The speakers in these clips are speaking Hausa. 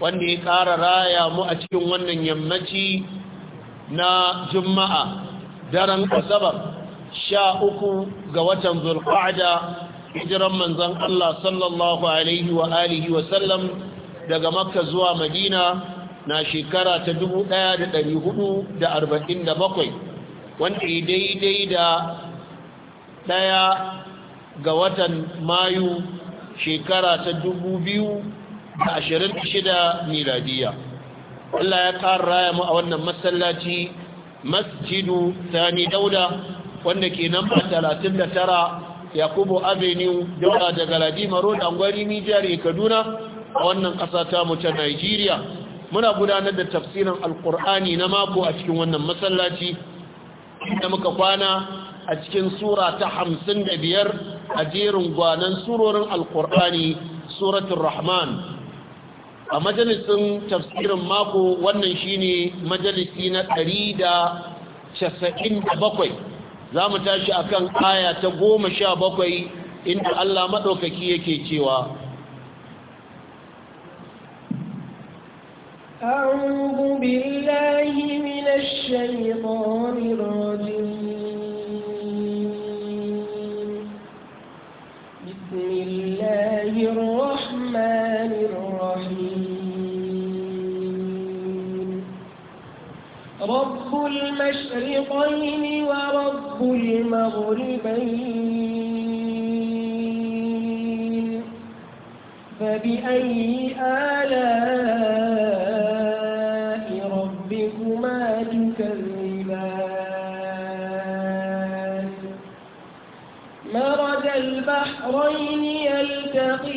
wanda ya ƙara raya mu a cikin wannan yammaci na juma'a daren asabar sha uku ga watan zulqa'da hijiran manzon Allah sallallahu alaihi wa alihi wa sallam daga makka zuwa madina na shekara ta 1447 wanda ya daidai da ɗaya ga watan mayu shekara ta 2000 da ashirin shida miladiya Allah ya ƙara raya mu a wannan masallaci masjidu sani dauda wanda ke namba talatin da tara yakubu avenue daura daga ladima da angwari nijar kaduna a wannan ƙasa ta mu ta nigeria muna gudanar da tafsirin alkur'ani na mako a cikin wannan masallaci da muka kwana a cikin sura ta hamsin da biyar a jerin gwanan surorin alkur'ani suratun rahman a majalisun tafsirin mako wannan shine majalisi na ɗari da casa'in da bakwai za mu tashi a kan aya ta goma sha bakwai inda Allah maɗaukaki yake cewa أعوذ بالله من الشيطان الرجيم بسم رب المشرقين ورب المغربين فبأي آلاء ربكما تكذبان مرج البحرين يلتقي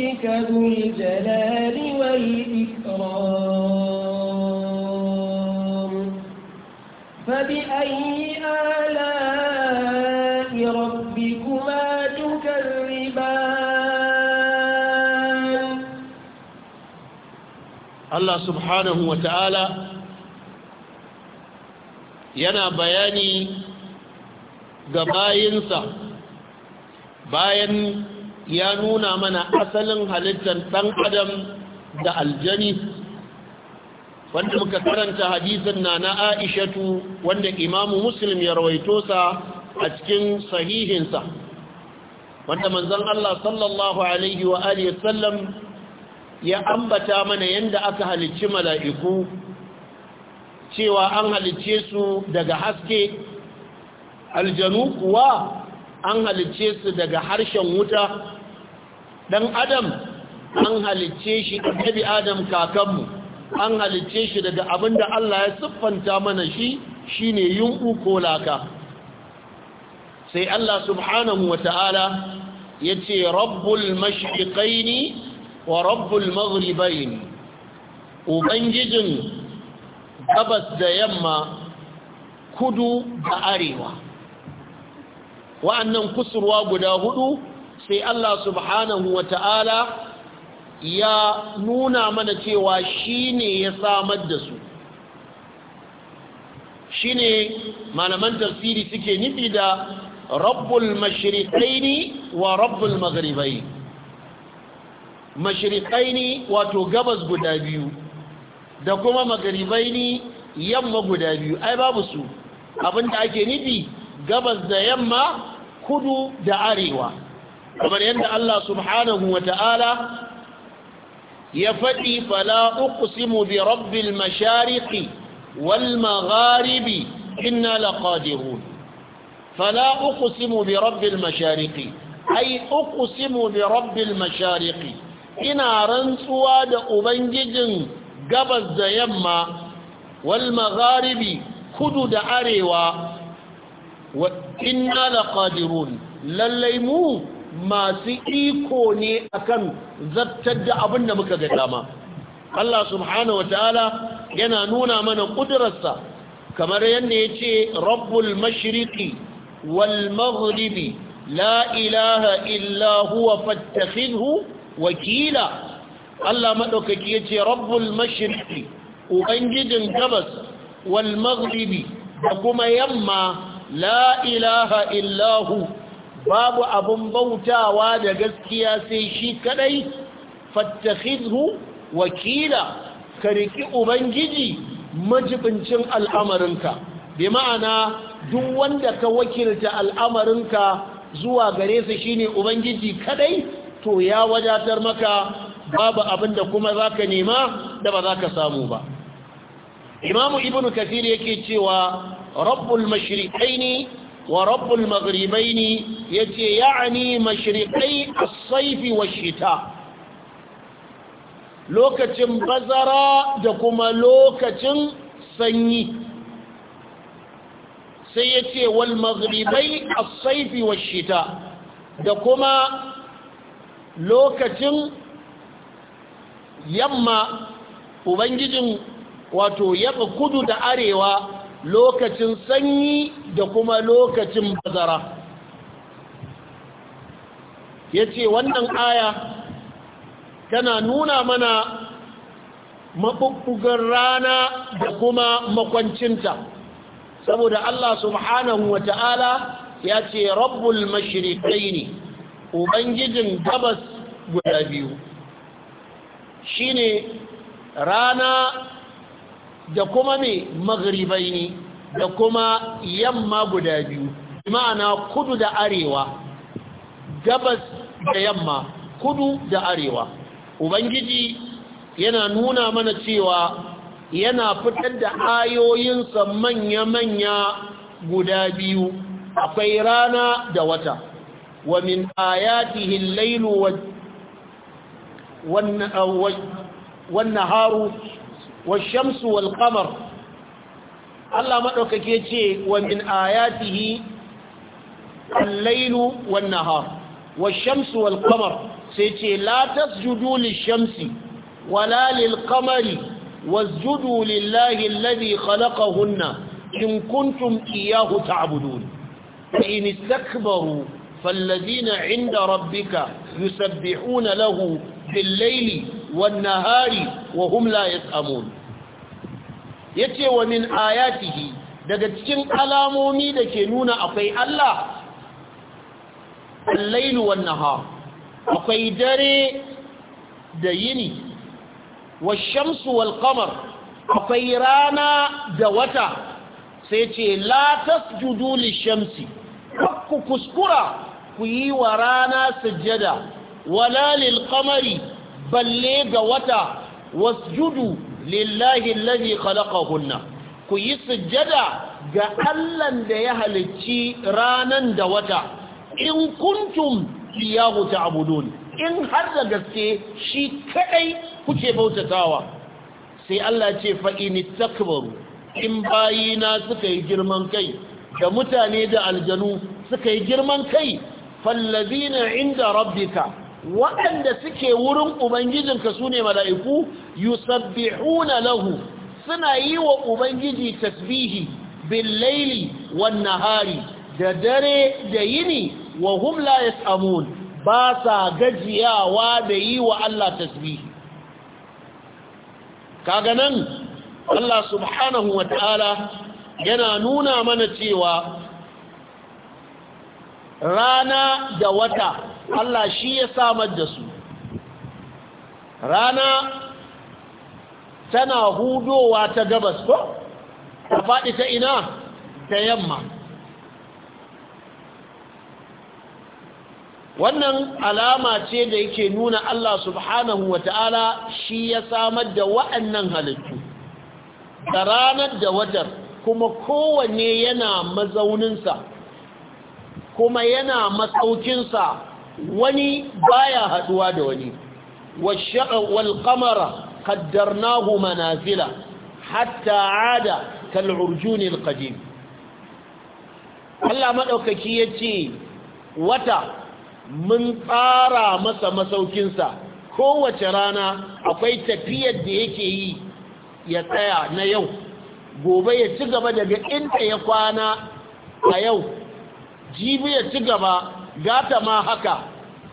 ربك ذو الجلال والإكرام فبأي آلاء ربكما تكذبان الله سبحانه وتعالى ينا بياني ga bayinsa bayan ya nuna mana asalin halittar ɗan adam da aljani wanda muka karanta hadisin na na aishatu wanda imamu muslim ya rawaito sa a cikin sahihinsa wanda manzan Allah sallallahu alaihi wa sallam ya ambata mana yadda aka halicci mala'iku cewa an halicce su daga haske aljanu kuwa an halicce su daga harshen wuta dan adam an halicce shi annabi adam kakanmu an halicce shi daga abinda Allah ya siffanta mana shi shine yunku ko laka sai Allah subhanahu wataala yace rabbul mashriqaini wa rabbul maghribaini ubangijin gabas da yamma kudu da arewa wa'annan kusurwa guda hudu sai Allah subhanahu wa ta'ala ya nuna mana cewa shi ne ya samar da su shi ne malaman tafsiri suke nufi da rabbul mashirikaini wa rabbul magharibai mashirikaini wato gabas guda biyu da kuma magharibai yamma guda biyu ai babu su abinda ake nufi gabas da yamma kudu da arewa kamar yadda Allah subhanahu wa ta'ala ya faɗi fala uqsimu bi rabbil mashariqi wal magharibi inna laqadirun fala uqsimu bi rabbil mashariqi ai uqsimu bi rabbil mashariqi ina rantsuwa da ubangijin gabas da yamma wal magharibi kudu da arewa wa inna laqadirun lallai mu masu iko ne akan zartar da abin da muka ga dama Allah subhanahu wataala yana nuna mana kudurarsa kamar yadda ya ce rabbul mashriqi wal maghribi la ilaha illa huwa fattakhidhu wakila Allah madaukaki yace rabbul mashriqi ubangijin gabas wal maghribi da kuma yamma la ilaha illa huwa babu abun bautawa da gaskiya sai shi kadai fattakhidhu wakila ka riki ubangiji majibincin al'amarinka bi ma'ana duk wanda ka wakilta al'amarinka zuwa gare sa shine ubangiji kadai to ya wadatar maka babu abin da kuma zaka nema da ba zaka samu ba imamu ibnu kathir yake cewa rabbul mashriqaini wa rabbul maghribaini yace yani mashriqai as-sayf wash-shita lokacin bazara da kuma lokacin sanyi sai yace wal maghribai as-sayf wash-shita da kuma lokacin yamma ubangijin wato yaba kudu da arewa lokacin sanyi da kuma lokacin bazara ya ce wannan aya tana nuna mana maɓuɓɓugar rana da kuma makwancinta saboda Allah subhanahu wa ta'ala ya ce rabbul mashirikai ne ubangijin gabas guda biyu shi ne rana da kuma mai magribai ne da kuma yamma guda biyu ma'ana kudu da arewa gabas da yamma kudu da arewa ubangiji yana nuna mana cewa yana fitar da ayoyinsa manya-manya guda biyu akwai rana da wata wa min ayatihi lailu wannan haru? والشمس والقمر الله مدوكك يتي ومن آياته الليل والنهار والشمس والقمر سيتي لا تسجدوا للشمس ولا للقمر واسجدوا لله الذي خلقهن إن كنتم إياه تعبدون فإن استكبروا فالذين عند ربك يسبحون له بالليل wan hari wa ya la Ya yace wa min ayatihi daga cikin alamomi da ke nuna akwai Allah al-lailu akwai dare da yini washamsu wal qamar akwai rana da wata sai ce la tasjudu lishamsi ku kuskura ku yi wa rana sujjada wala lil balle ga wata wasjudu lillahi alladhi khalaqahunna ku yi sujjada ga Allahn da ya halicci ranan da wata in kuntum iyahu ta'budun in har da gaske shi kadai kuke bautatawa sai Allah ce fa in takbaru in bayina suka yi girman kai da mutane da aljanu suka yi girman kai fallazina inda rabbika waɗanda suke wurin ubangijinka su ne mala'iku yusabbihuna lahu suna yi wa ubangiji tasbihi billaili wan nahari da dare da yini wa hum la yasamun ba sa gajiyawa da yi wa Allah tasbihi kaga nan Allah subhanahu wa ta'ala yana nuna mana cewa rana da wata Allah shi ya samar da su rana tana hudowa ta gabas ko ta faɗi ta ina ta yamma wannan alama ce da yake nuna Allah subhanahu wa ta'ala shi ya samar da wa'annan halittu da ranar da watar kuma kowanne yana mazauninsa kuma yana matsaukinsa wani baya haduwa da wani wal qamara qaddarnahu manazila hatta ada kal urjun ne qadim Allah madaukaki yace wata mun tsara masa masaukinsa kowace rana akwai tafiyar da yake yi ya tsaya na yau gobe ya ci gaba daga inda ya kwana a yau jibi ya ci gaba gata ma haka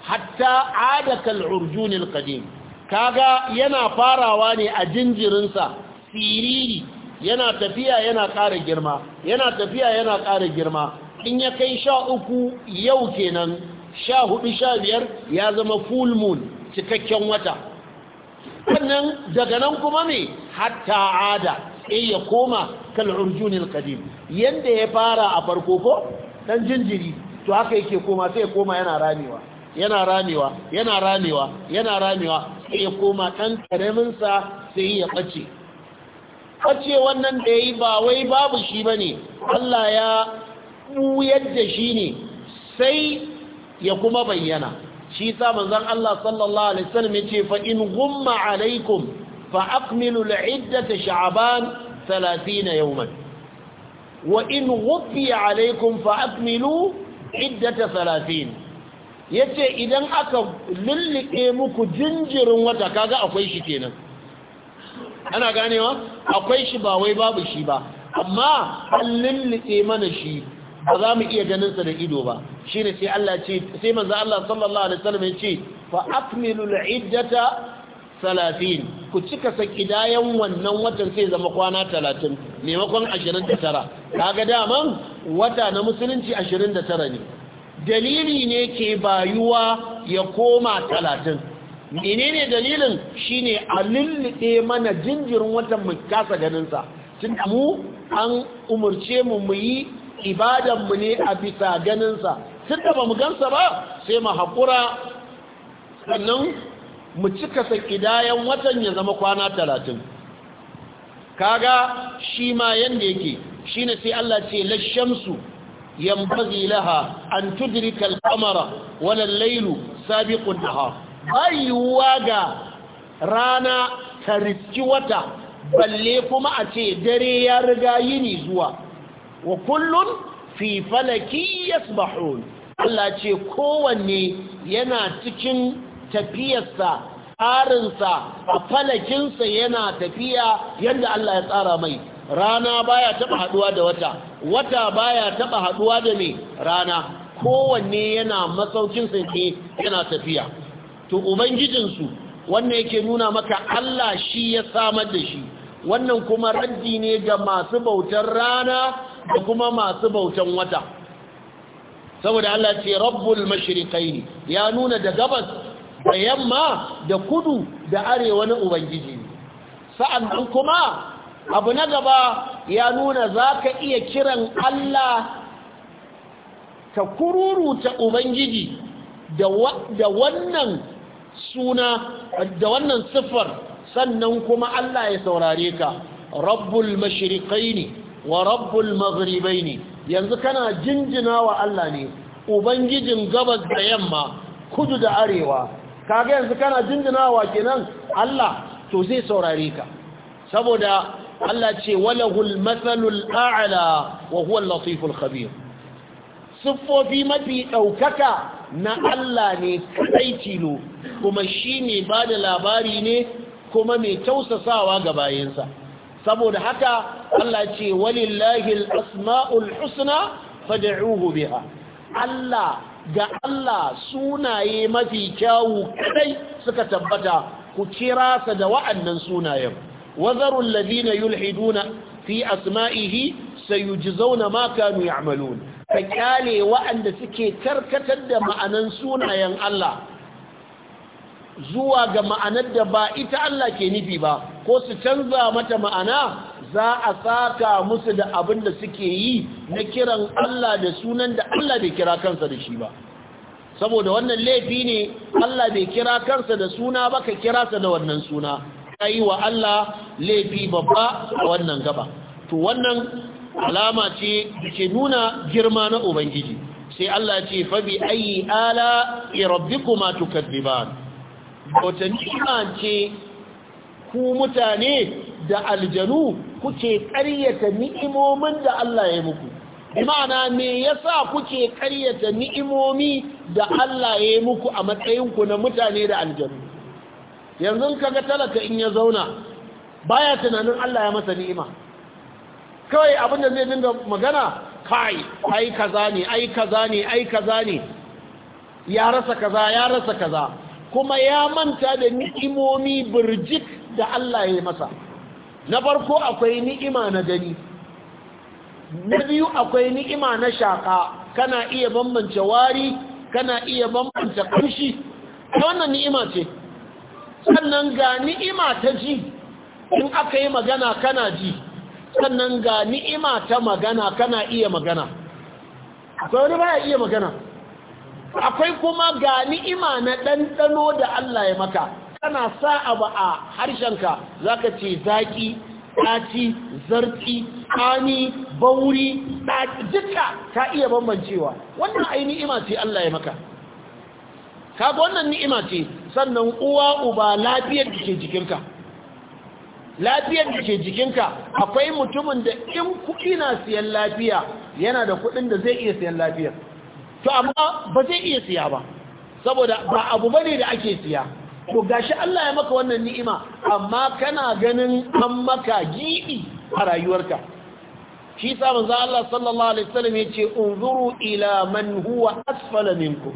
hatta adakal urjunil qadim kaga yana farawa ne a jinjirinsa siriri yana tafiya yana ƙara girma yana tafiya yana ƙara girma in ya kai sha uku yau kenan sha hudu sha biyar ya zama full moon cikakken wata wannan daga nan kuma ne hatta ada sai ya koma kal urjunil qadim yanda ya fara a farko ko dan jinjiri to haka yake koma sai ya koma yana ramewa yana ramewa yana ramewa yana ramewa sai ya koma dan karamin sa sai ya bace bace wannan da yayi ba wai babu shi bane Allah ya buyar da shi ne sai ya kuma bayyana shi sa manzon Allah sallallahu alaihi wasallam yace fa in gumma alaikum fa aqmilu sha'aban sha'ban 30 yawman wa in wufi alaikum fa akmilu iddata 30 yace idan aka lullike muku jinjirin wata kaga akwai shi kenan ana ganewa akwai shi ba wai babu shi ba amma an lullike mana shi ba za mu iya ganin sa da ido ba shine sai Allah ce sai manzo Allah sallallahu alaihi wasallam ya ce fa akmilu iddata 30 ku cika sa kidayen wannan watan sai zama kwana talatin maimakon ashirin da tara kaga daman wata na musulunci ashirin da tara ne dalili ne ke bayuwa ya koma talatin menene dalilin shine a lullube mana jinjirin watan mu kasa ganinsa tun mu an umarce mu mu yi ibadanmu ne a bisa ganinsa tun da ba mu gansa ba sai mu haƙura sannan mu cika sa kidayen watan ya zama kwana talatin kaga shi ma yanda yake shi ne sai Allah ce lashamsu yambazi laha an tudrika al-qamara wala al-laylu sabiqu an-nahar ayyuwa ga rana ta riski wata balle kuma a ce dare ya riga yini zuwa wa kullun fi falaki yasbahun Allah ce kowanne yana cikin tafiyarsa tsarinsa a falakinsa yana tafiya yadda Allah ya tsara mai rana baya taba haduwa da wata wata baya taba haduwa da mai rana kowanne yana masaukinsa ne yana tafiya to ubangijinsu wannan yake nuna maka Allah shi ya samar da shi wannan kuma raddi ne ga masu bautar rana da kuma masu bautan wata saboda Allah ce rabbul mashriqaini ya nuna da gabas da yamma da kudu da arewa na ubangiji sa'annan kuma abu na gaba ya nuna za ka iya kiran Allah ka kururuta ubangiji da wannan suna da wannan siffar sannan kuma Allah ya saurare ka rabbul mashirikai ne wa rabbul magribai ne yanzu kana jinjina wa Allah ne ubangijin gabas da yamma kudu da arewa kaga yanzu kana jinjinawa kenan Allah to zai saurare ka saboda Allah ce walahul matsalul a'la wa huwa latiful khabir siffofi mafi ɗaukaka na Allah ne kaɗai tilo kuma shi ne ba da labari ne kuma mai tausasawa ga bayansa saboda haka Allah ce walillahi asma'ul husna fada'uhu biha Allah ga Allah sunaye mafi kyawu kadai suka tabbata ku kira sa da wa'annan sunayen wazarul ladina yulhiduna fi asma'ihi sayujzauna ma kanu ya'malun ka kyale wa'anda suke karkatar da ma'anan sunayen Allah zuwa ga ma'anar da ba ita Allah ke nufi ba ko su canza mata ma'ana za a saka musu da abin da suke yi na kiran Allah da sunan da Allah bai kira kansa da shi ba saboda wannan laifi ne Allah bai kira kansa da suna ba ka kira sa da wannan suna kai wa Allah laifi babba a wannan gaba to wannan alama ce ke nuna girma na ubangiji sai Allah ce bi ayi ala rabbikuma ba wata ni'ima ku mutane da aljanu kuke ƙaryata ni'imomin da Allah ya muku ma'ana me yasa kuke ƙaryata ni'imomi da Allah ya muku a matsayinku na mutane da aljaru? yanzu kaga talaka in ya zauna baya tunanin Allah ya masa ni'ima kawai abin da zai dinga magana kai ai kaza ne ai kaza ne ai kaza ne ya rasa kaza ya rasa kaza kuma ya manta da ni'imomi birjik da Allah ya masa na farko akwai ni'ima na gani na biyu akwai ni'ima na shaƙa kana iya bambance wari kana iya bambance ƙarshi wannan ni'ima ce sannan ga ni'ima ta ji in aka yi magana kana ji sannan ga ni'ima ta magana kana iya magana akwai wani baya iya magana akwai kuma ga ni'ima na ɗanɗano da Allah ya maka kana sa abu a harshenka ka ce zaƙi, ɗaci zarki ani bauri duka ka iya bambancewa wannan yi ni'ima ce Allah ya maka kaga wannan ni'ima ce sannan uwa uba lafiyar da ke jikinka lafiyar da ke jikinka akwai mutumin da in kuɗi na siyan lafiya yana da kuɗin da zai iya siyan lafiyar to amma ba zai iya siya ba saboda ba abu bane da ake siya Ku gashi Allah ya maka wannan ni'ima amma kana ganin an maka gibi a rayuwarka shi sa manzo Allah sallallahu alaihi wasallam yace unzuru ila man huwa asfala minkum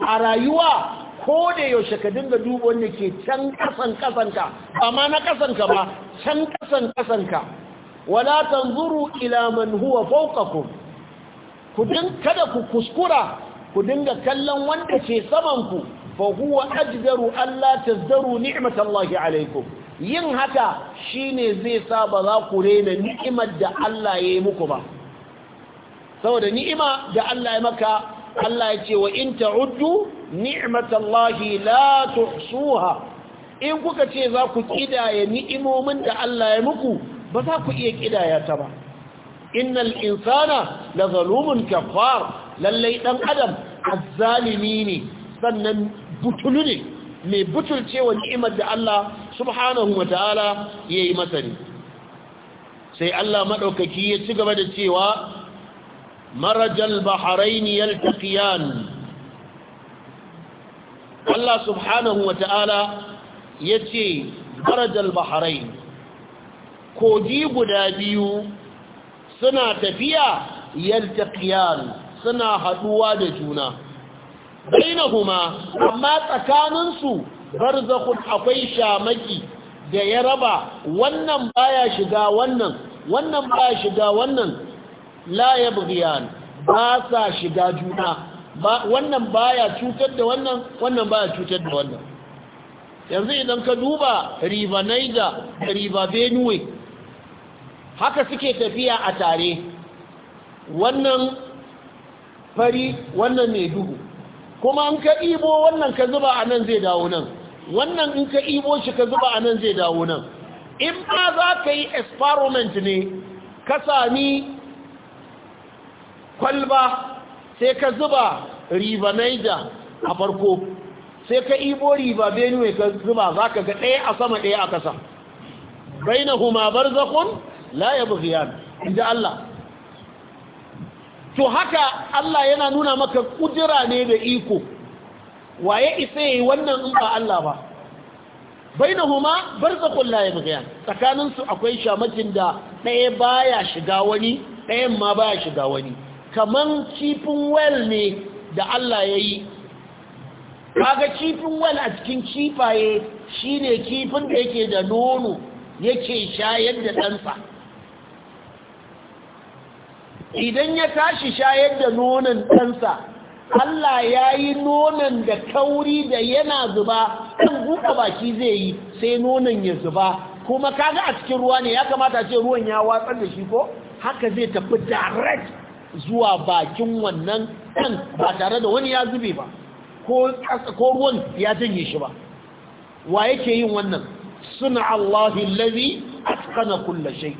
a rayuwa ko da yaushe ka dinga duba wanda ke can kasan kasan ka amma na kasan ka ba can kasan kasan ka. wala tanzuru ila man huwa fawqakum ku din kada ku kuskura ku dinga kallon wanda ke saman ku فهو Allah ألا تزدروا نعمة الله alaikum yin haka shine zai sa ba za ku rena ni'imar da Allah ya yi muku ba saboda ni'ima da Allah ya maka Allah ya ce wa in ta'uddu ni'matallahi la suha in kuka ce za ku kidaya ni'imomin da Allah ya muku ba za ku iya kidaya ta ba innal insana la zalumun kafar lallai dan adam azzalimi ne sannan butulu ne mai butulcewa ni'imar da Allah subhanahu wa ta'ala ya yi masani. sai Allah maɗaukaki ya ci gaba da cewa marajal baharaini yaltaqiyan Allah subhanahu wa ta'ala ya ce marajal baharain kogi guda biyu suna tafiya yaltaqiyan suna haɗuwa da juna bainahuma amma tsakaninsu barzakhun akwai shamaki da ya raba wannan baya shiga wannan wannan baya shiga wannan la yabghiyan ba sa shiga juna wannan baya cutar da wannan wannan baya cutar da wannan yanzu idan ka duba riba naija da riba benue haka suke tafiya a tare wannan fari wannan mai duhu kuma in ka ibo wannan ka zuba a nan zai dawo nan wannan in ka ibo shi ka zuba a nan zai dawo nan in ma za ka yi experiment ne ka sami kwalba sai ka zuba riba naija a farko sai ka ibo riba benue ka zuba za ka ga ɗaya a sama ɗaya a ƙasa bai na huma zakon, la ya bugiyan inda Allah to haka Allah yana nuna maka kudura ne da iko waye isa yi wannan in ba Allah ba bainahuma barzakun la yabghiyan tsakanin su akwai shamakin da ɗaya baya shiga wani ɗayan ma baya shiga wani kaman kifin well ne da Allah ya yi. kaga kifin well a cikin kifaye shine kifin da yake da nono yake shayar da ɗansa idan ya tashi shayar da nonon ɗansa Allah ya yi nonon da kauri da yana zuba kan buɗe baki zai yi sai nonon ya zuba kuma kaga a cikin ruwa ne ya kamata ce ruwan ya watsar da shi ko haka zai tafi direct zuwa bakin wannan ɗan ba tare da wani ya zube ba ko ruwan ya janye shi ba wa yake yin wannan suna Allahi lazi a tsakanin kulle shai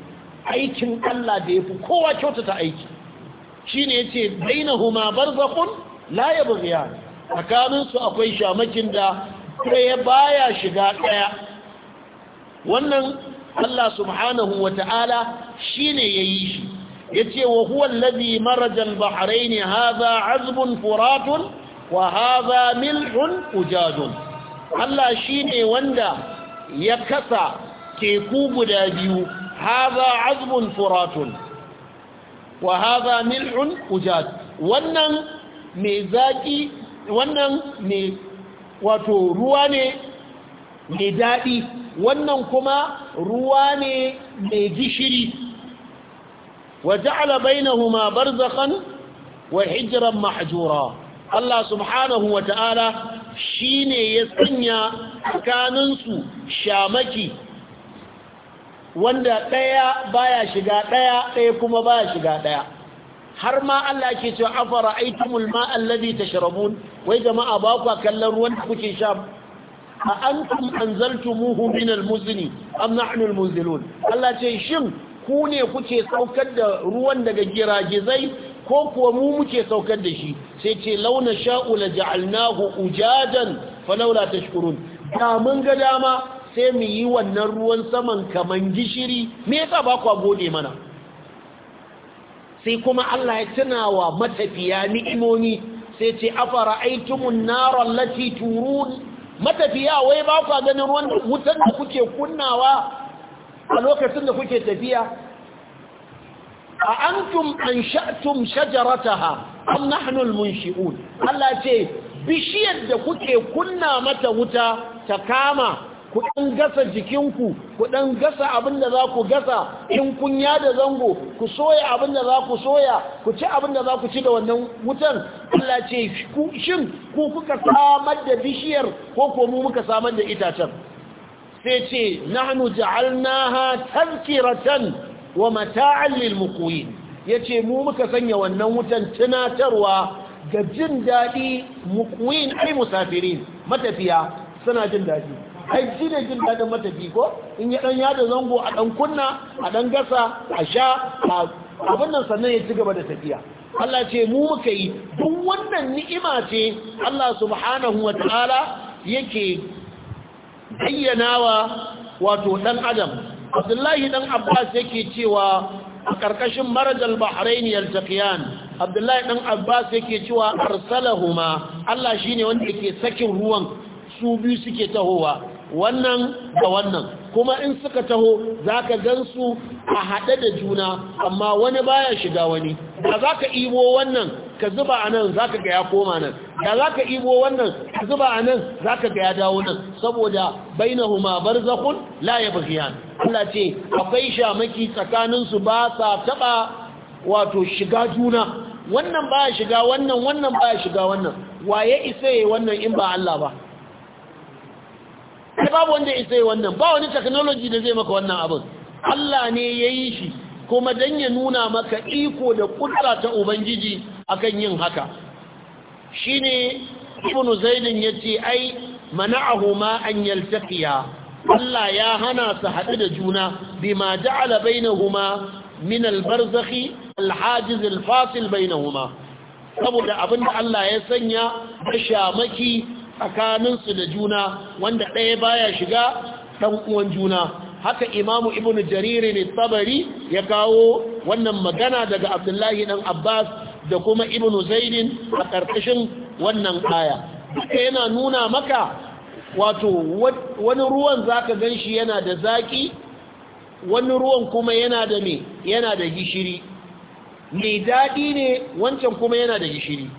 aikin Allah da ya fi kowa kyautata aiki shi ne ya ce daina huma barzakun la ya tsakaninsu akwai shamakin da ɗaya baya shiga ɗaya wannan Allah subhanahu wa ta'ala shi ne ya yi shi ya ce wa huwan lazi marajan baharai ne haza azbun furatun wa haza mil'un ujadun Allah shi ne wanda ya kasa teku guda biyu haza azbun furatun wa haza mil'un ujad wannan mai zaki wannan mai wato ruwa ne mai daɗi wannan kuma ruwa ne mai gishiri wa ja'ala bainahuma barzakhan wa hijran mahjura Allah subhanahu wa ta'ala ne ya sanya tsakaninsu shamaki wanda ɗaya baya shiga ɗaya ɗaya kuma baya shiga ɗaya har ma Allah ke cewa afara aitumul ma ta tashrabun wai jama'a ba ku kallon ruwan da kuke sha a antum anzaltumuhu min almuzni am nahnu almunzilun Allah ce shin ku ne kuke saukar da ruwan daga giragizai ko kuwa mu muke saukar da shi sai ce launa sha'u la ja'alnahu ujadan falawla tashkurun da mun ga dama sai mu yi wannan ruwan saman kaman gishiri me yasa ba ku gode mana sai kuma Allah ya tunawa matafiya ni'imomi sai ce afara aitumun narar lati turun matafiya wai ba ku ganin ruwan wutan da kuke kunnawa a lokacin da kuke tafiya a antum an sha'tum shajarataha am nahnu almunshi'un Allah ce bishiyar da kuke kunna mata wuta ta kama ku ɗan gasa jikinku ku ɗan gasa abin da za ku gasa in kunya da zango ku soya abin da za ku soya ku ci abin da za ku ci da wannan wutan Allah ce shin ku kuka samar da bishiyar ko ko mu muka samar da itacen sai ce nahnu ja'alnaha tazkiratan wa mata'an lil muqwin yace mu muka sanya wannan wutan tunatarwa ga jin daɗi muqwin ai musafirin matafiya suna jin daɗi ai shi ne jin daɗin matafi ko in yi ɗan yada zango a ɗan kunna a ɗan gasa a sha abin nan sannan ya ci gaba da tafiya Allah ce mu muka yi duk wannan ni'ima ce Allah subhanahu wa ta'ala yake bayyanawa wato ɗan adam abdullahi ɗan abbas yake cewa a ƙarƙashin marajal bahrain yaltaqiyan abdullahi ɗan abbas yake cewa arsalahuma Allah shine wanda yake sakin ruwan su biyu suke tahowa wannan da wannan kuma in suka taho za ka gansu a haɗe da juna amma wani baya shiga wani da za ka ibo wannan ka zuba a nan za ka ga ya koma nan da za ka ibo wannan ka zuba a nan za ka ga ya dawo nan saboda huma bar barzakun la yabghiyan Allah ce akwai shamaki tsakaninsu ba sa taɓa wato shiga juna wannan baya shiga wannan wannan baya shiga wannan waye isa yi wannan in ba Allah ba sai babu wanda isa yi wannan ba wani technology da zai maka wannan abin Allah ne ya yi shi kuma don ya nuna maka iko da kudura ta ubangiji akan yin haka shi ne ibnu Zainab ya ce ai mana ahuma an yaltaqiya Allah ya hana su haɗu da juna bima ja'ala bainahuma min albarzakhi alhajiz alfasil bainahuma saboda abinda Allah ya sanya da shamaki tsakaninsu da juna wanda ɗaya baya shiga ɗan uwan juna haka imamu ibn jariri ne tabari ya kawo wannan magana daga abdullahi ɗan abbas da kuma ibn zaidin a ƙarƙashin wannan kaya duka yana nuna maka wato wani ruwan zaka gan shi yana da zaƙi wani ruwan kuma yana da me yana da gishiri mai daɗi ne wancan kuma yana da gishiri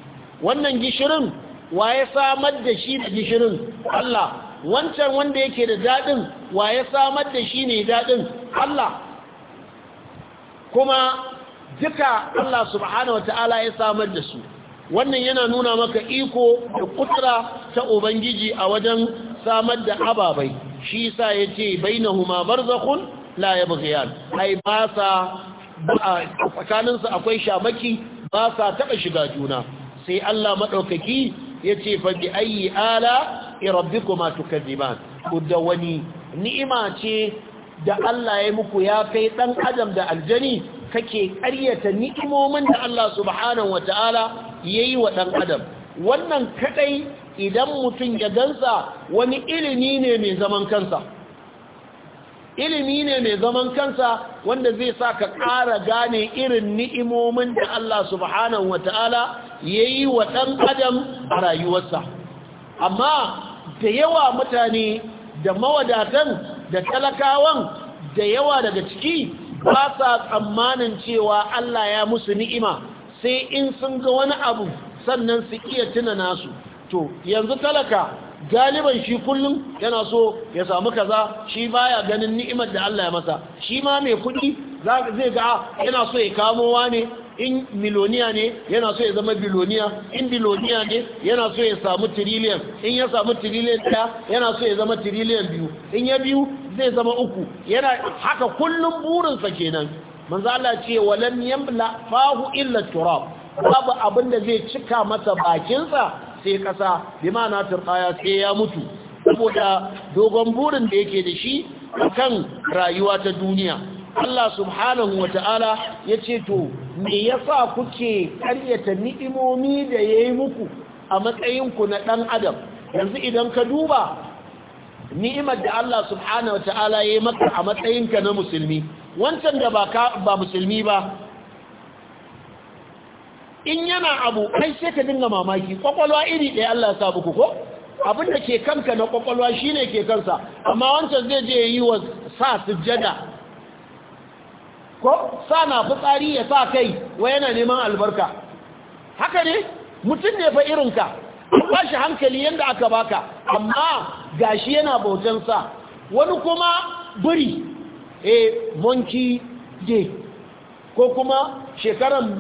wannan gishirin wa ya samar da shi da gishirin Allah wancan wanda yake da daɗin wa ya samar da shi ne daɗin Allah kuma duka Allah subhanahu wata'ala ya samar da su wannan yana nuna maka iko da kutura ta ubangiji a wajen samar da ababai shi sa ya ce bainahuma barzakhun la yabghiyan ai ba sa tsakaninsu akwai shafaki? ba sa taɓa shiga juna sai Allah maɗaukaki yace ce bi ayi ala rabbikuma tukadziban da wani ni'ima ce da Allah ya muku ya kai ɗan adam da aljani kake ƙaryata ni'imomin da Allah subhanahu ya yayi wa ɗan adam wannan kaɗai idan mutum ya gansa wani ilimi ne mai zaman kansa ilimi ne mai zaman kansa wanda zai sa ka ƙara gane irin ni'imomin da Allah subhanahu ta'ala. ya yi wa ɗan adam a rayuwarsa amma da yawa mutane da mawadatan da talakawan da yawa daga ciki ba sa tsammanin cewa Allah ya musu ni'ima sai in sun ga wani abu sannan su iya tuna nasu to yanzu talaka galiban shi kullum yana so ya samu kaza shi baya ganin ni'imar da Allah ya masa shi ma mai kudi zai ga ah, yana so ya kamo ne. in miloniya ne yana so ya zama biloniya in biloniya ne yana so ya samu tiriliyan in ya samu tiriliyan ɗaya yana so ya zama tiriliyan biyu in ya biyu zai zama uku yana haka kullum burinsa kenan manzo Allah ce walam yamla fahu illa turab babu abin da zai cika masa bakinsa sai kasa bi ma'ana turqaya sai ya mutu saboda dogon burin da yake da shi kan rayuwa ta duniya Allah subhanahu wa ta'ala ya ce to me yasa kuke karyata ni'imomi da ya yi muku a matsayinku na ɗan adam yanzu idan ka duba ni'imar da Allah subhanahu wa ta'ala ya yi maka a matsayinka na musulmi wancan da ba musulmi ba in yana abu kai sai ka dinga mamaki kwakwalwa iri ɗaya Allah ya sa ku ko abin da ke kanka na kwakwalwa shine ke kansa amma wancan zai je yi wa sa sujjada ko sa na fitsari ya sa kai wa yana neman albarka haka ne mutum ne fa irinka ba shi hankali yadda aka baka amma gashi yana bautan sa wani kuma buri e monkey day ko kuma shekaran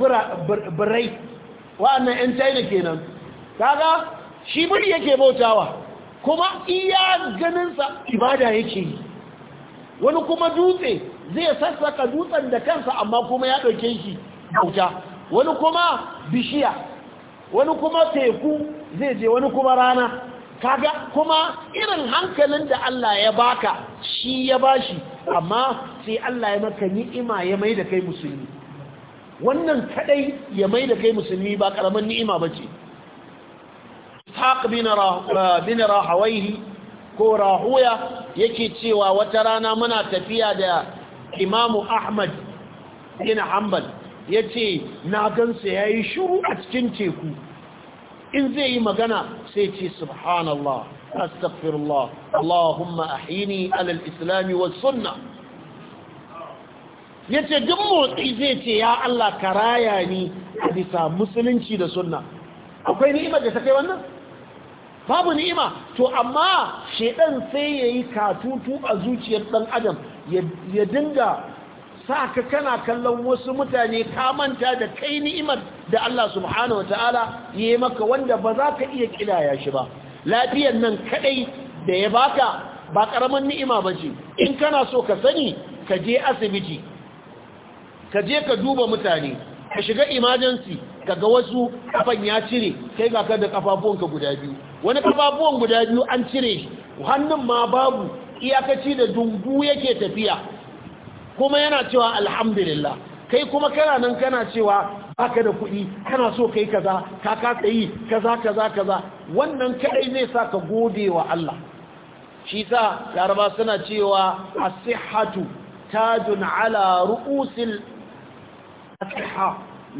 birai wa'annan 'yan china kenan kaga shi buri yake bautawa kuma iya ganinsa ibada yake yi wani kuma dutse zai sassaka dutsen da kansa amma kuma ya ɗauke shi bauta wani kuma bishiya wani kuma teku zai je wani kuma rana kaga kuma irin hankalin da Allah ya baka shi ya bashi amma sai Allah ya maka ni'ima ya mai da kai musulmi wannan kadai ya mai da kai musulmi ba karaman ni'ima bace Ishaq bin hawaihi ko rahuya yake cewa wata rana muna tafiya da imamu ahmad bin hanbal ya ce na gansa ya yi shuru a cikin teku in zai yi magana sai ce subhanallah astaghfirullah allahumma ahini alal islami was sunna ya ce duk motsi zai ce ya Allah karaya ni a bisa musulunci da sunna akwai ima da ta kai wannan babu ni'ima to amma shedan sai yayi katutu a zuciyar dan adam ya dinga sa ka kana kallon wasu mutane ka manta da kai ni'imar da Allah subhanahu ya yayi maka wanda ba za ka iya kidaya shi ba lafiyar nan kadai da ya baka ba karaman ni'ima ba ce in kana so ka sani ka je asibiti ka je ka duba mutane ka shiga emergency kaga wasu kafan ya cire kai ga ka da ka guda biyu wani kafafuwan guda biyu an cire shi hannun ma babu iyakaci da dungu yake tafiya kuma yana cewa alhamdulillah kai kuma kana nan kana cewa baka da kuɗi kana so kai kaza ka katsa yi kaza kaza kaza wannan kaɗai zai sa ka gode wa Allah shi sa laraba suna cewa as-sihhatu tajun ala ru'usil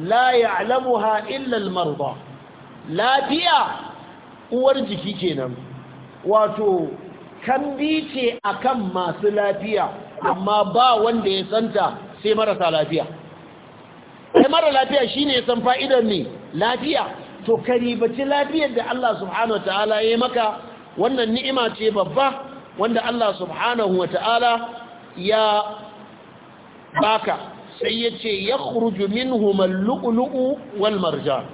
la ya'lamuha illa al-marda lafiya uwar jiki kenan wato kan ce akan masu lafiya amma ba wanda ya santa sai marasa lafiya sai mara lafiya shine ya san fa'idar ne lafiya to karibaci lafiyar da Allah subhanahu wataala ya maka wannan ni'ima ce babba wanda Allah subhanahu wataala ya baka sai ya ce ya kuruju min lu'ulu'u wal marja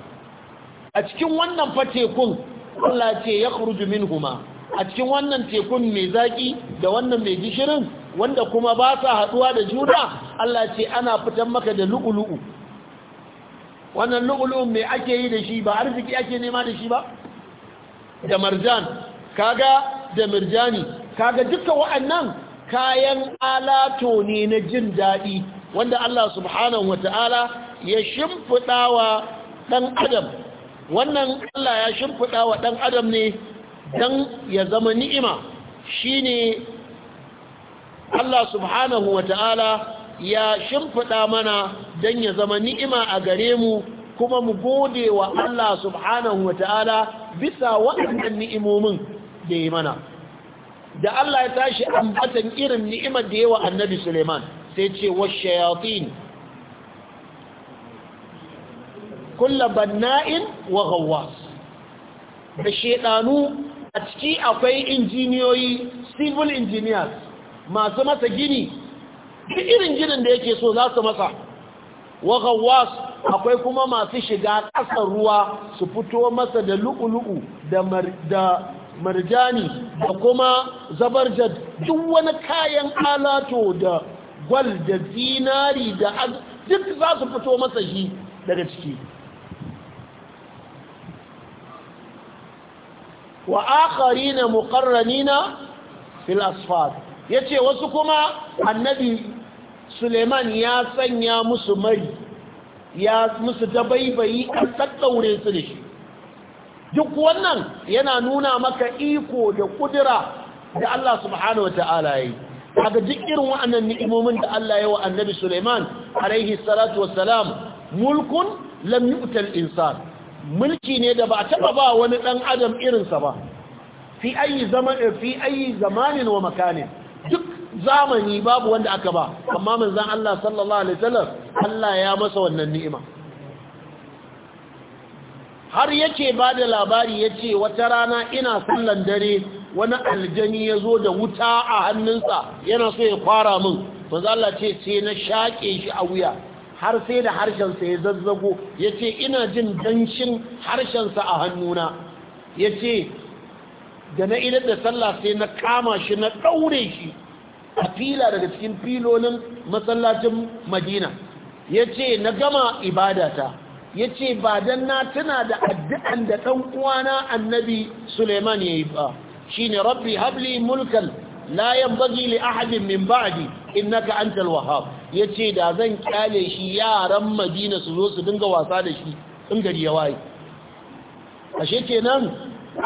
a cikin wannan fa tekun Allah ce ya kuruju min huma a cikin wannan tekun mai zaƙi da wannan mai gishirin wanda kuma ba sa haɗuwa da juna Allah ce ana fitan maka da lu'ulu'u wannan lu'ulu'un mai ake yi da shi ba arziki ake nema da shi ba da marjan kaga da marjani. kaga duka wa'annan kayan alato ne na jin daɗi wanda Allah subhanahu wata'ala ya shimfiɗa wa ɗan adam wannan Allah ya shimfiɗa wa ɗan adam ne don ya zama ni'ima shi ne Allah subhanahu wata'ala ya shimfiɗa mana don ya zama ni'ima a gare mu kuma mu gode wa Allah subhanahu wata'ala bisa waɗannan ni'imomin da ya mana da Allah ya tashi ambatan irin ni'imar da yawa annabi Suleiman sai ce wa shayatin kulla banna'in wa ghawwas da shedanu a ciki akwai injiniyoyi civil engineers masu masa gini duk irin ginin da yake so za su masa wa ghawwas akwai kuma masu shiga ƙasar ruwa su fito masa da lu'ulu'u da marjani da kuma zabarjad duk wani kayan alato da gwal da zinari da duk za su fito masa shi daga ciki wa akari na mukarrani na filasfad ya ce wasu kuma annabi suleiman ya sanya musu mai ya musu dabaibayi a tsakkaure su da shi duk wannan yana nuna maka iko da kudura da Allah subhanahu wa ta'ala yi daga duk irin wa'annan ni'imomin da Allah yawa annabi Suleiman alaihi salatu wassalam mulkun lam yu'tal insan mulki ne da ba taba ba wani dan adam irinsa ba fi ayi zaman fi ayi zamanin wa makanin duk zamani babu wanda aka ba amma manzon Allah sallallahu alaihi wasallam Allah ya masa wannan ni'ima har yake ba da labari ya ce wata rana ina sallan dare wani aljani ya zo da wuta a hannunsa yana so ya kwara min la ce sai na shaƙe shi a wuya har sai da harshensa ya zazzago ya ce ina jin danshin harshensa a hannuna ya ce da na idar da sallah sai na kama shi na ɗaure shi a fila daga cikin filonin masallacin madina ya ce na gama ibadata ya ce ba don na tuna da addu'an da ɗan uwana annabi suleiman ya yi ba shi ne rabbi habli mulkan layan bagi li ahadin min ba'adi na antal wahab ya ce da zan kyale shi yaran madina su zo su dinga wasa da shi in gari ya waye ashe kenan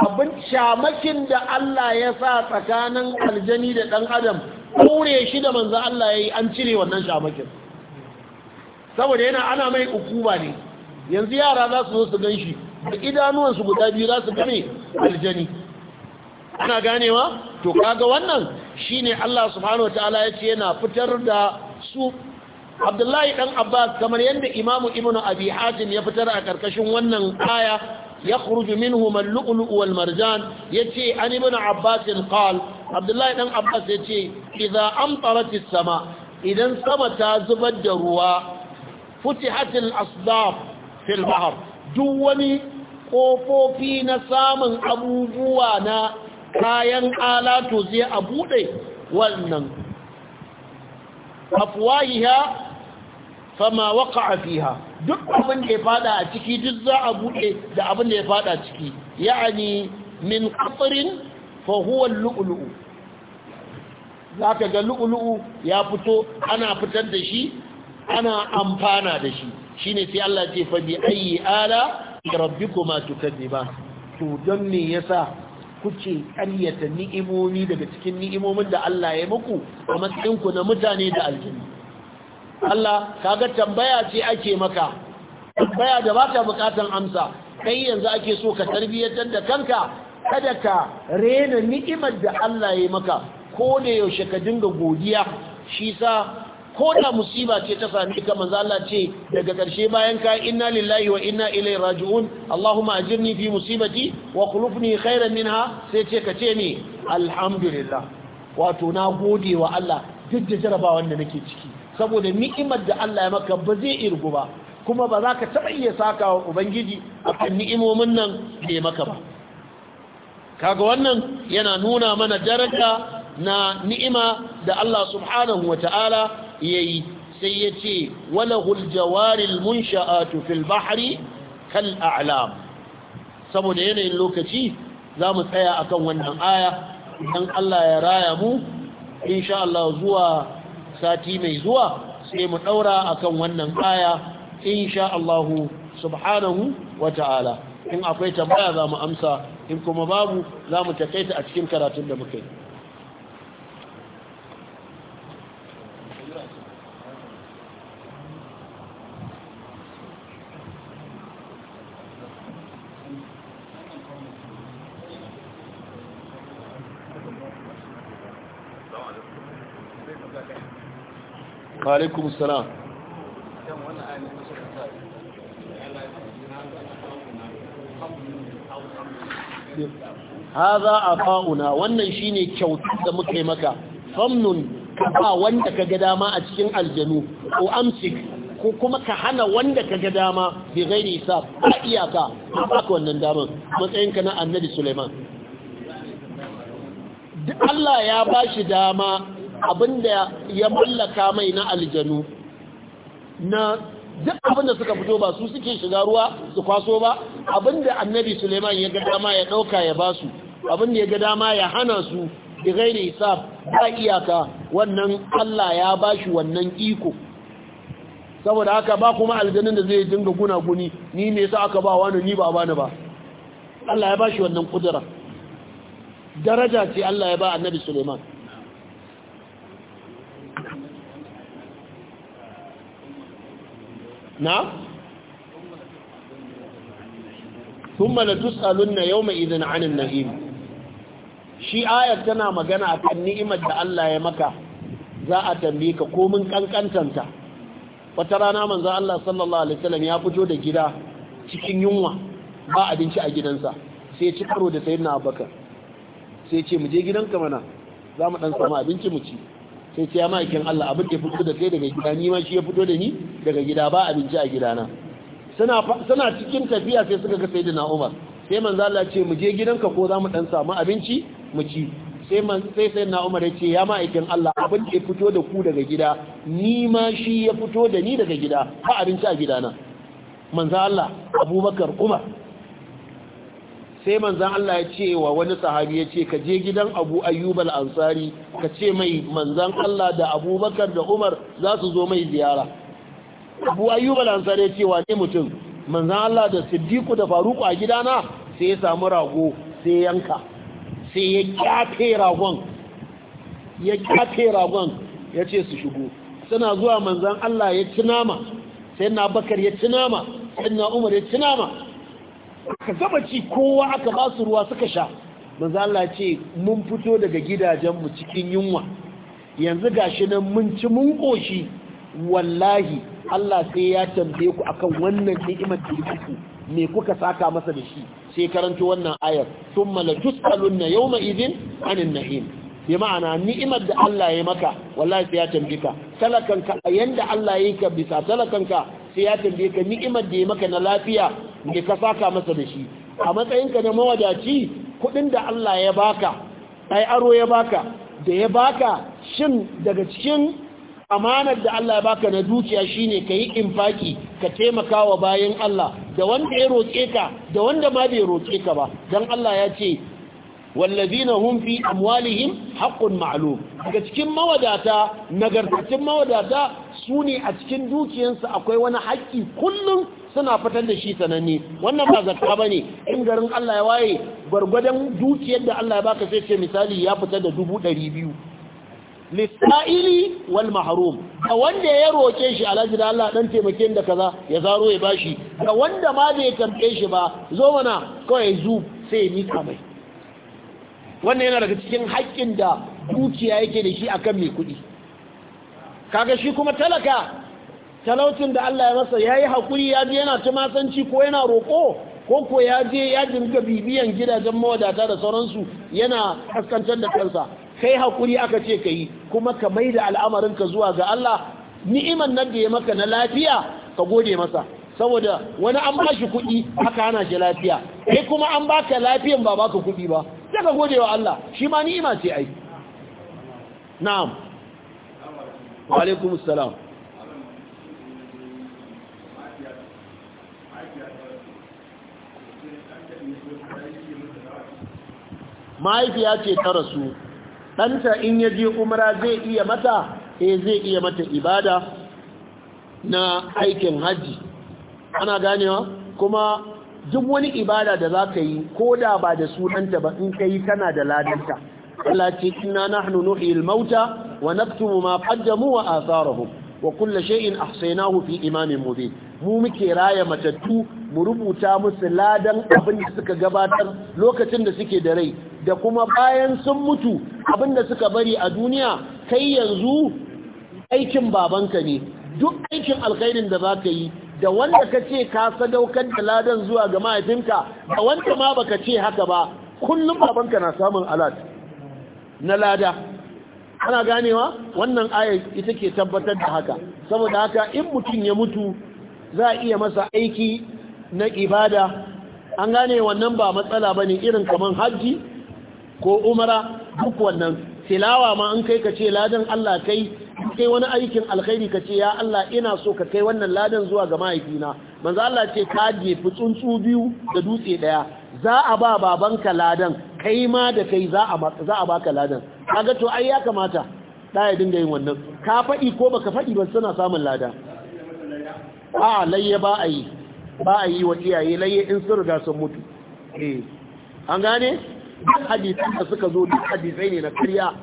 abin shamakin da Allah ya sa tsakanin aljani da ɗan adam kure shi da manzo Allah ya yi an cire wannan shamakin saboda yana ana mai ukuba ne yanzu yara za su zo su gan shi da idanuwansu guda biyu za su gane aljani ana ganewa to kaga wannan shine Allah subhanahu ya yace yana fitar da su Abdullahi ɗan Abbas kamar yadda Imam Ibn Abi ya fitar a karkashin wannan aya yakhruju min al-lu'lu' wal marjan yace an ibn Abbas qal Abdullahi dan Abbas yace idza an as-sama idan sama ta zubar da ruwa futihatil al fil bahar duk wani kofofi na samun abubuwa na kayan alato zai a bude wannan afwahiha fama waqa'a fiha duk abin da ya fada a ciki duk za a bude da abin da ya fada ciki ya'ani min qatrin fa huwa al-lu'lu'u zaka ga lu'lu'u ya fito ana fitar da shi ana amfana da shi Shi ne sai Allah ce fa ayi ala rabbikuma tukadiba to don me yasa kuke ƙaryata ni'imomi daga cikin ni'imomin da Allah ya muku a matsayin ku na mutane da aljanna Allah kaga tambaya ce ake maka tambaya da ba ta bukatan amsa kai yanzu ake so ka tarbiyyatar da kanka kada ka rena ni'imar da Allah ya maka ko da yaushe ka dinga godiya shi sa ko da musiba ce ta sami ka manzo Allah ce daga ƙarshe bayan ka inna lillahi wa inna ilaihi raji'un Allahumma ajirni fi musibati wa khulufni khairan minha sai ce ka ce ni alhamdulillah wato na gode wa Allah duk da jarabawan da nake ciki saboda ni'imar da Allah ya maka ba zai irgu ba kuma ba za ka taɓa iya saka wa ubangiji akan ni'imomin nan da maka ba kaga wannan yana nuna mana daraja na ni'ima da Allah subhanahu wa ta'ala yayi sai ya ce walahul jawaril munsha'atu fil bahri kal a'lam saboda yanayin lokaci za mu tsaya akan wannan aya idan Allah ya raya mu insha Allah zuwa sati mai zuwa sai mu daura akan wannan aya insha Allah subhanahu wa ta'ala in akwai tambaya za mu amsa in kuma babu za mu takaita a cikin karatun da muke. yi alaikum salam haza fa'una. wannan shine kyautar da muka yi maka famnun ka ba wanda ka ga dama a cikin aljanu ko amsik ko kuma ka hana wanda ka ga dama bi ghairi sa ba iyaka ba ka wannan damar Matsayinka na annabi Suleiman Allah ya ba shi dama abinda ya mallaka mai na aljanu na duk abinda suka fito ba su suke shiga ruwa su kwaso ba abinda annabi suleiman ya ga dama ya ɗauka ya ba su abinda ya ga dama ya hana su da gairi isa ba iyaka wannan allah ya ba shi wannan iko saboda haka ba kuma aljanin da zai dinga guna guni ni ne sa aka ba wani ni ba ba ni ba Allah ya ba shi wannan kudura daraja ce Allah ya ba annabi Suleiman na thumma latus'alunna yawma idhin 'anil na'im shi ayar tana magana akan ni'imar da Allah ya maka za a tambaye ka komin kankantanta wata rana manzo Allah sallallahu alaihi wasallam ya fito da gida cikin yunwa ba abinci a gidansa sai ya ci karo da sayyidina Abubakar sai ya ce mu je gidanka mana za mu dan samu abinci mu ci sai ce ya ma'aikin Allah abin da ya fito da kai daga gida ni ma shi ya fito da ni daga gida ba abinci a gidana suna cikin tafiya sai suka ga sayyidina Umar sai manzo Allah ce mu je gidanka ko za mu dan samu abinci mu ci sai man sai na Umar ya ce ya ma'aikin Allah abin da ya fito da ku daga gida ni ma shi ya fito da ni daga gida ba abinci a gidana manzo Allah Abubakar Umar sai manzan Allah ya ce wa wani sahabi ya ce ka je gidan abu ayyubal ansari ka ce mai manzan Allah da abubakar da umar za su zo mai ziyara abu ayyubal ansari ya ce wa ne mutum manzan Allah da siddiku da faruku a gidana sai ya samu rago sai yanka sai ya kyafe ragon ya kyafe ragon ya ce su shigo suna zuwa manzan Allah ya ci nama sai na bakar ya ci nama sai na umar ya ci nama ka zama ci kowa aka ba su ruwa suka sha manzo Allah ce mun fito daga gidajen gidajenmu cikin yunwa yanzu gashi nan mun ci mun koshi wallahi Allah sai ya tambaye ku akan wannan ni'imar da kuke me kuka saka masa da shi sai karanto wannan ayar thumma la tusaluna yawma idhin anin na'im bi ma'ana ni'imar da Allah ya maka wallahi sai ya tambaye ka talakanka yanda Allah ya yi ka bisa talakanka sai ya tambaye ka ni'imar da ya maka na lafiya me ka saka masa da shi a matsayinka na mawadaci kudin da Allah ya baka ai aro ya baka da ya baka shin daga cikin amanar da Allah ya baka na dukiya shine ka yi infaki ka taimaka wa bayan Allah da wanda ya roƙe ka da wanda ma bai roƙe ka ba don Allah ya ce wallazina hum fi amwalihim haqqun ma'lum daga cikin mawadata nagartatun mawadata su ne a cikin dukiyansu akwai wani haƙƙi kullum suna fitar da shi sananne wannan ba ba ne in garin Allah ya waye gwargwadon dukiyar da Allah ya baka sai ce misali ya fitar da dubu ɗari biyu lissa'ili wal maharum da wanda ya roƙe shi alhaji da Allah dan taimake da kaza ya zaro ya bashi da wanda ma bai tambaye shi ba zo mana kawai zu sai mika mai wannan yana daga cikin haƙƙin da dukiya yake da shi akan mai kuɗi kaga shi kuma talaka talaucin da Allah ya masa ya yi hakuri ya je yana tumasanci ko yana roƙo ko ko ya je ya dinga bibiyan gidajen mawadata da sauransu yana haskantar da kansa kai hakuri aka ce yi kuma ka da al'amarin ka zuwa ga Allah ni'iman nan da ya maka na lafiya ka gode masa saboda wani an ba shi kuɗi haka hana shi lafiya kai kuma an baka lafiyan ba baka kuɗi ba sai ka gode wa Allah shi ma ni'ima ce ai na'am wa alaikum assalam mahaifiya ce ta rasu ɗanta in ya je umra zai iya mata e zai iya mata ibada na aikin hajji ana ganewa kuma duk wani ibada da za ka yi ko da ba da sunanta ba in ka yi tana da ladanta Allah ce inna nahnu nuhyil mauta wa naktumu ma qaddamu wa atharahum wa kullu shay'in ahsaynahu fi imamin mu muke raya matattu mu rubuta musu ladan abin da suka gabatar lokacin da suke da rai da kuma bayan sun mutu abin da suka bari a duniya kai yanzu aikin babanka ne duk aikin alkhairin da zaka yi da wanda ka ce ka sadaukar da ladan zuwa ga mahaifinka da wanda ma baka ce haka ba kullum babanka na samun alat na lada ana ganewa wannan ayar ita ke tabbatar da haka saboda haka in mutum ya mutu za a iya masa aiki na ibada an gane wannan ba matsala ba ne irin kamar hajji ko umara duk wannan Filawa ma an kai ka ce ladan Allah kai kai wani aikin alkhairi ka ce ya Allah ina so ka kai wannan ladan zuwa ga mahaifina manzo Allah ce ka je tsuntsu biyu da dutse daya za a ba babanka ladan kai ma da kai za a baka ladan kaga to ai ya kamata da ya dinga yin wannan ka faɗi ko baka faɗi ba suna samun lada a layya ba a ba a wa iyaye layya in sun riga sun mutu eh an gane duk da suka zo duk hadisai ne na karya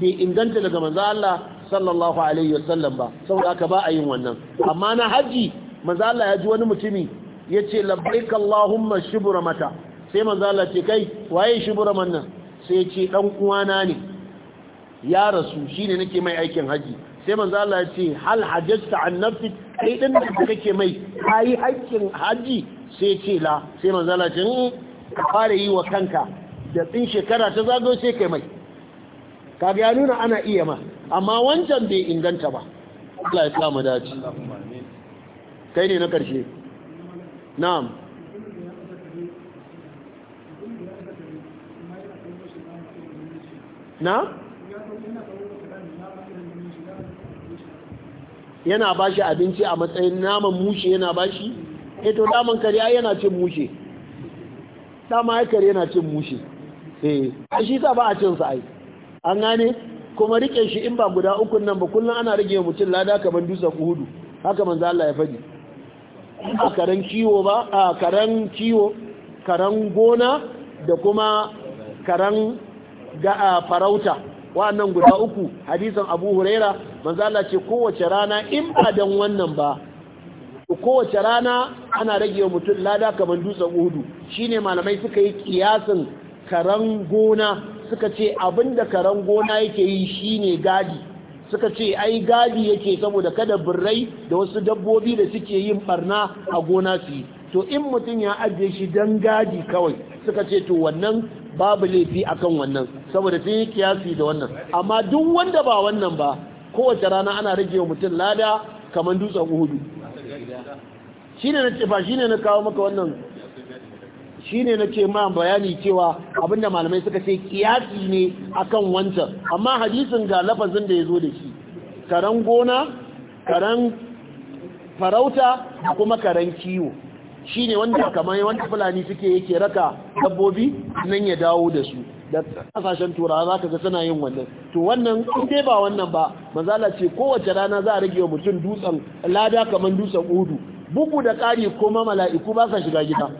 bai inganta daga manzo Allah sallallahu alaihi wasallam ba saboda ka ba a yin wannan amma na haji manzo Allah ya ji wani mutumi yace labbaik allahumma shubra mata sai manzo ce kai waye shi buraman nan sai ce dan uwana ne ya rasu shine nake mai aikin haji sai manzo Allah ce hal hajjata an nafsi kai din da kake mai kai aikin haji sai ce la sai manzo ce mm, ka fara yi wa kanka da tsin shekara ta zago sai kai mai kaga ya nuna ana iya ma amma wancan bai inganta ba Allah ya sa mu dace kai ne na karshe na'am na? yana ba shi abinci a matsayin naman mushe yana ba shi? eto eh daman kariya yana cin mushe dama ya kare yana cin mushe eh shi sa ba a cin ai an gane kuma rike shi in ba guda ukun nan ba kullum ana rage mutum lada kamar dutsen uhudu haka manzo Allah ya faɗi a karan kiwo ba a karan kiwo karan gona da kuma karan ga farauta wannan guda uku hadisin abu huraira manzo ce kowace rana in ba don wannan ba kowace rana ana rage wa mutum lada kamar dutsen uhudu shine malamai suka yi kiyasin karan gona suka ce abinda karan gona yake yi shine gadi suka ce ai gadi yake saboda kada birrai da wasu dabbobi da suke yin barna a gona su yi to in mutum ya ajiye shi don gadi kawai suka ce to wannan babu laifi akan wannan saboda sun yi kiyasi da wannan amma duk wanda ba wannan ba kowace rana ana rage wa mutum lada kamar dutsen uhudu shine na ba shine na kawo maka wannan shine na ce ma bayani cewa abinda malamai suka ce kiyasi ne akan wancan amma hadisin ga lafazin da ya zo da shi karen gona karen farauta da kuma karen kiwo Shi ne wanda kamar wanda fulani suke yake raka dabbobi nan ya dawo da su da kasashen turawa za ka ga suna yin wannan to wannan in dai ba wannan ba manzala ce kowace rana za a rage wa mutum dutsen lada kamar dutsen udu bugu da ƙari kuma mala'iku ba sa shiga gida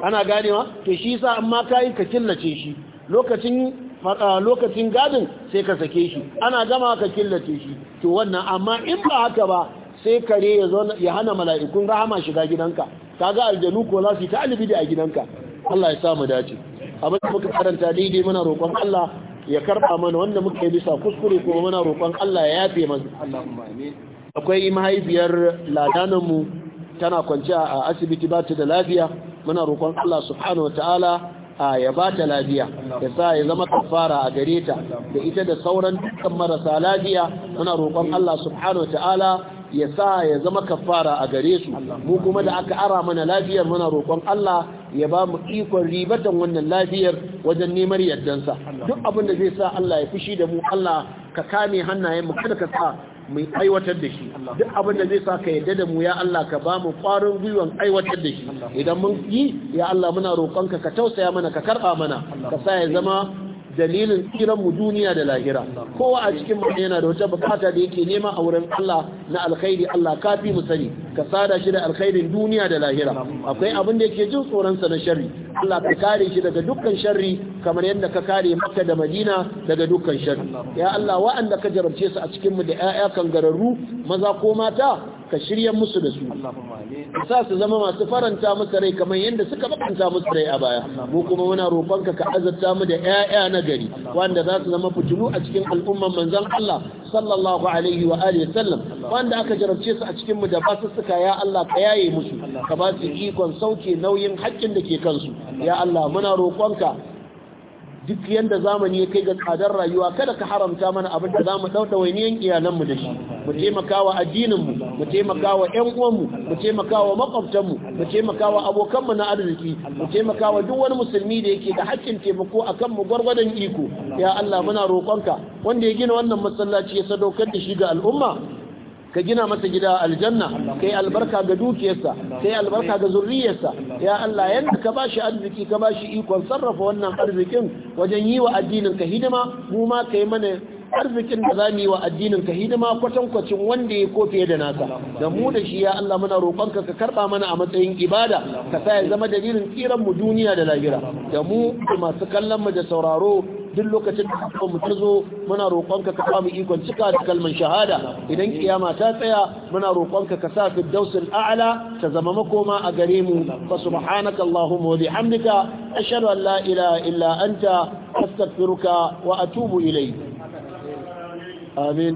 ana ganewa ke shi sa amma yi ka killace shi lokacin lokacin gadin sai ka sake shi ana gama ka killace shi to wannan amma in ba haka ba sai kare ya zo ya hana mala'ikun rahama shiga gidanka ga aljanu ko za su yi ta da a gidanka Allah ya samu dace abin da muka karanta daidai muna roƙon Allah ya karba mana wanda muka yi bisa kuskure kuma muna roƙon Allah ya yafe mana akwai mahaifiyar mu tana kwanciya a asibiti ba ta da lafiya muna roƙon Allah subhanahu wataala a ya ba ta lafiya ya sa ya zama kafara a gare ta da ita da sauran dukkan marasa lafiya muna roƙon Allah subhanahu wataala ya sa ya zama kafara a gare su mu kuma da aka ara mana lafiyar muna roƙon Allah ya ba mu ikon ribatan wannan lafiyar wajen neman yardansa duk abin da zai sa Allah ya fushi da mu Allah ka kame hannayen mu kada ka sa mu aiwatar da shi duk abin da zai sa ka yarda da mu ya Allah ka ba mu ƙwarin gwiwan aiwatar da shi idan mun yi ya Allah muna roƙonka ka tausaya mana ka karɓa mana ka sa ya zama dalilin tsiran mu duniya da lahira kowa a cikin yana da wata bukata da yake nema a wurin Allah na alkhairi Allah kafi mu sani ka sada shi da alkhairin duniya da lahira akwai abin da yake jin tsoron sa na sharri Allah ka kare shi daga dukkan sharri kamar yadda ka kare Makka da Madina daga dukkan sharri ya Allah wa'anda ka jarabce su a cikin mu da ƴaƴa kangararru maza ko mata ka shirya musu da su sa su zama masu faranta musu rai kamar yadda suka faranta musu rai a baya mu kuma muna roƙonka ka azabta mu da ƴaƴa na gari wanda za su zama fitilu a cikin al'umman manzon Allah sallallahu alaihi wa alihi sallam wanda aka jarabce su a cikin mu da suka, ya Allah ka yaye musu ka ba su ikon sauke nauyin haƙƙin da ke kansu ya Allah muna roƙonka duk yanda zamani ya kai ga tsadar rayuwa kada ka haramta mana abin da za mu ɗauta wainiyan iyalanmu da shi mu taimaka wa addininmu mu taimaka wa ƴan uwanmu mu taimaka wa makwabtanmu mu taimaka wa abokanmu na arziki mu taimaka wa duk wani musulmi da yake da haƙƙin taimako akan mu gwargwadon iko ya Allah muna roƙonka wanda ya gina wannan masallaci ya sadaukar da shi ga al'umma ka gina masa gida aljanna kai albarka ga dukiyarsa kai albarka ga zurriyarsa ya Allah yanda ka bashi arziki ka bashi ikon sarrafa wannan arzikin wajen yi wa addinin ka hidima mu ma kai mana arzikin da za mu yi wa addinin ka hidima kwatankwacin wanda ya fiye da nasa da mu da shi ya Allah muna roƙonka ka karɓa mana a matsayin ibada ka sa ya zama dalilin tsiran mu duniya da lahira da mu masu kallon mu da sauraro duk lokacin da kuma mu zo muna roƙonka ka samu ikon cika da kalman shahada idan kiyama ta tsaya muna roƙonka ka sa fi dausul a'la ta zama makoma a gare mu fa subhanaka allahumma wa bihamdika ashhadu an la ilaha illa anta astaghfiruka wa atubu ilayk amin